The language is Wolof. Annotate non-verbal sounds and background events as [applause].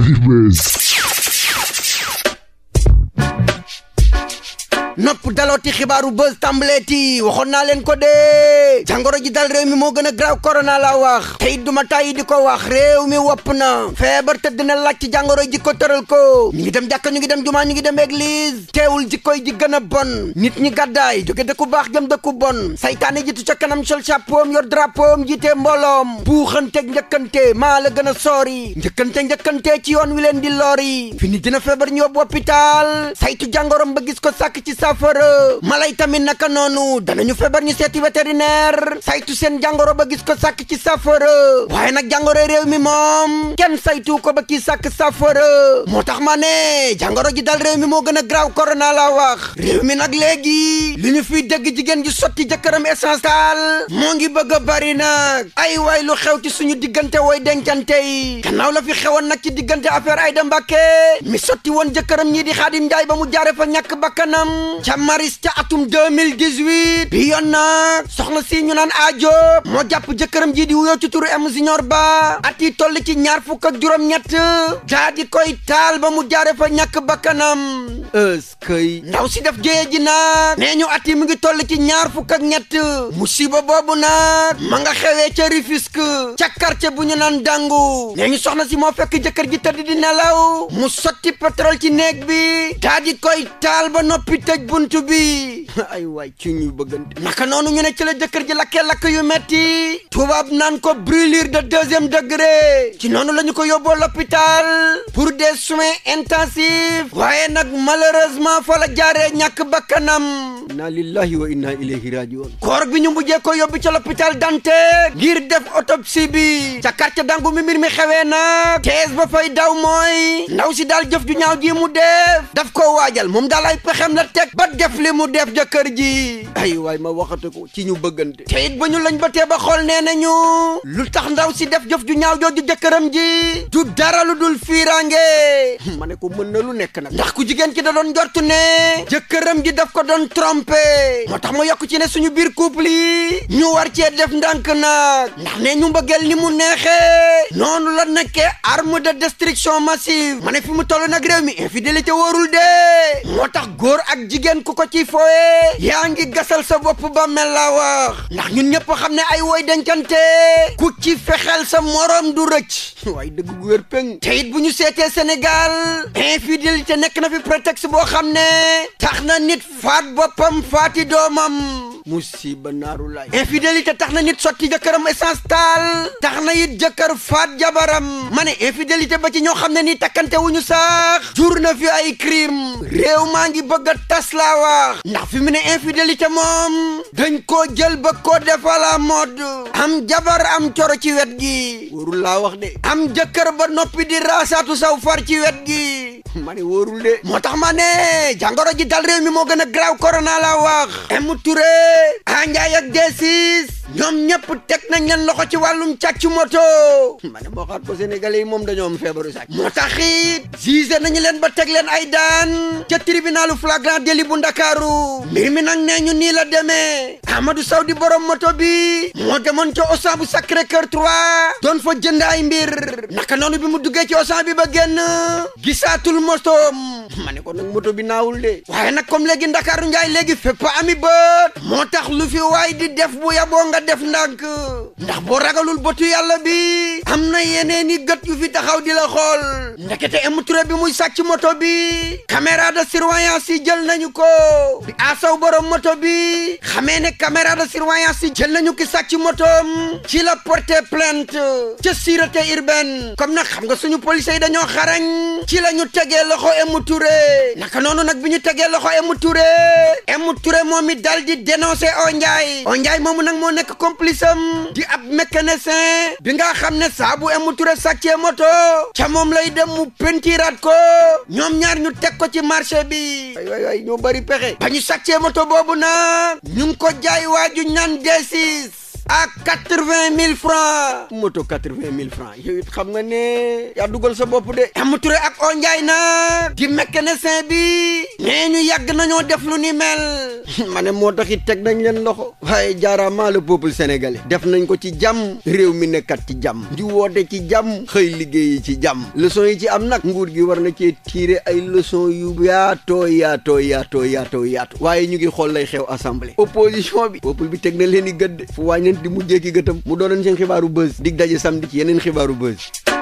Heavyweights. nopp dalooti xibaaru buzz tàmbaleeti waxoon naa leen ko dee jàngoro ji dal réew mi moo gën a graaw corona laa wax te it duma tàyyi di ko wax réew mi wopp na feebar tëdd na laaj ci jàngoro ji ko tëral ko ñu ngi dem jàkka ñu ngi dem jumaa ñu ngi dem église teewul jikkoy ji gën a bon nit ñi gàddaay jóge dëkku baax jëm dëkku bon saytaane ji ca kanam sol chapeau yor drapeau jiite mbooloom buuxanteeg njëkkante maa la gën a soori njëkkante njëkkante ci yoon wi leen di lori fini dina feebar ñu yóbbu hôpital saytu jàngoro ba gis ko sàkk ci saafara mala yi tamit naka noonu danañu feebar ñu seeti vétérinaire saytu seen jàngoro ba gis ko sàkk ci saafara waaye nag jàngoro réew mi moom kenn saytu ko ba kii sàkk saafara moo tax ma ne jàngoro ji dal réew mi moo gën a graaw korona la wax réew nag léegi lu ñu fi dégg jigéen ji sotti jëkkëram essence taal moo ngi bëgg a bari nag ay waay lu xew ci suñu diggante woy dencante yi gannaaw la fi xewoon nag ci diggante affaire Aïda Mbacké mi sotti woon jëkkëram ñii di Xaadim mu jaare ca maris ca atum 2018 bi yoon nag soxna si ñu naan aajoob moo jàpp jëkkëram ji di wuyoo ci turu M Junior ba at yi toll ci ñaar fukk ak juróom-ñett daa koy taal ba mu jaare fa ñàkk bakkanam eskay ndaw si def jéye ji nag nee ñu at yi mu ngi toll ci ñaar fukk ak ñett musiba boobu nag ma nga xewee ca Rufisque ca quartier bu ñu naan dàngu nee ñu soxna si moo fekk jëkkër ji tëdd di nelaw mu sotti pétrole ci néeg bi daa koy taal noppi tëj buntu bi [laughs] ay waay ci ñuy bëggante naka noonu ñu ne ci la jëkkër ji lakkee lakk yu metti tubaab naan ko brûlure de deuxième degré ci noonu la ñu ko yóbboo l'hôpital pour des soins intensifs waaye nag malheureusement fa la jaaree ñàkk bakkanam inna lillahi wa inna ilayhi rajiun koor bi ñu mujjee ko yóbbu ca l'hôpital Dantec ngir def autopsie bi ca quartier dangu mi mbir mi xewee nag tees ba fay daw mooy ndaw si daal jëf ju ñaaw ji mu def daf ko waajal moom daal ay ba def li mu def jëkkër ji ay waay ma waxate ko ci ñu bëggante te it ba ñu lañ ba tee ba xool nee nañu lu tax ndaw si def jëf ju ñaaw jooju jëkkëram ji du dara lu dul fiirange [laughs] ma ne ko mën na lu nekk nag ndax ku jigéen ki da doon njortu ne jëkkëram ji daf ko doon trompé moo tax ma yokk ci ne suñu biir couple li ñu war cee def ndànk nag ndax ne ñu mbëggeel ni mu neexee noonu la nekkee arme de destruction massive ma ne fi mu toll nag réew mi infidélité wóorul de moo tax góor ak jigéen jigéen ko ci fooye yaa ngi gasal sa bopp ba mel la wax ndax ñun ñëpp xam ne ay woy dencante ku ci fexel sa morom du rëcc waaye dëgg gu wér te it bu ñu seetee Sénégal infidélité nekk na fi prétexte boo xam ne tax na nit faat boppam faati doomam ba naaru laay infidélité tax na nit sotti jëkkëram essence taal tax na it jëkkër faat jabaram ma ne infidélité ba ci ñoo xam ne nii takkante wuñu sax jur na fi ay crime réew maa ngi bëgg a tas laa ndax fi mu ne infidélité moom dañ koo jël ba koo defa la mode am jabar am coro ci wet gi warul laa wax de am jëkkër ba noppi di raasaatu saw far ci wet gi [laughs] ma ne wóorul moo tax ma ne jàngoro ji dal réew mi moo gën a graaw corona la wax M Touré Andiaye ak d ñoom ñëpp teg nañ leen loxo ci wàllum càcc moto ma ne boo xaat ko sénégalais yi moom dañoo am feebaru sàcc moo tax it jugé nañu leen ba teg leen ay daan ca tribunalu flagrant délit bu ndakaaru mbir mi nag nee ñu nii la demee Amadou Saw di borom moto bi moo demoon ca Auchan bu Sacré-Cœur 3 doon fa jënd ay mbir naka noonu bi mu duggee ci Auchan bi ba génn gisaatul moto ma ne ko nag moto bi naawul de waaye nag comme léegi ndakaaru njaay léegi fépp ami bët moo tax lu waay di def bu yaboo nga def ndànk ndax boo ragalul bëtu yàlla bi am na yeneen i gët yu fi taxaw di la xool ndekete M Touré bi muy sàcc moto bi caméra de surveillance si jël nañu ko bi asaw borom moto bi xamee ne caméra de surveillance si jël nañu ki sàcc motoom ci la porter plainte ca sûreté urbaine comme nag xam nga suñu police yi dañoo xarañ ci la ñu tegee loxo M Touré naka noonu nag bi ñu tegee loxo M Touré M Touré moom it dal di dénoncer Ondiaye Ondiaye moomu nag moo nekk nekk complice am di ab mécanicien bi nga xam ne saa bu Émou Touré moto ca moom lay dem mu pentiraat ko ñoom ñaar ñu teg ko ci marché bi ay ay ay bari pexe ba ñu sàccee moto boobu na ñu ngi ko jaay waaju ñaan desis à quatre-vingt mille francs moto quatre-vingt mille francs yow it xam nga ne yaa dugal sa bopp de Émou Touré ak Ondiaye na di mécanicien bi nee ñu yàgg nañoo def lu ni mel [laughs] ma ne moo tax it teg nañ leen loxo waaye jaaraama le peuple def nañ ko ci jàmm réew mi nekkat ci jàmm di woote ci jàmm xëy liggéeyi ci jàmm leçon yi ci am nag nguur gi war na cee tiire ay leçon yu yaatoo yaatoo yaatoo yaatoo yaato waaye ñu ngi xool lay xew assemblée opposition bi peuple bi teg na leen i gëdd fu wàññeent di mujjee ki gëtam mu doonoon seen xibaaru buzz dig daje samedi ci yeneen xibaaru buzz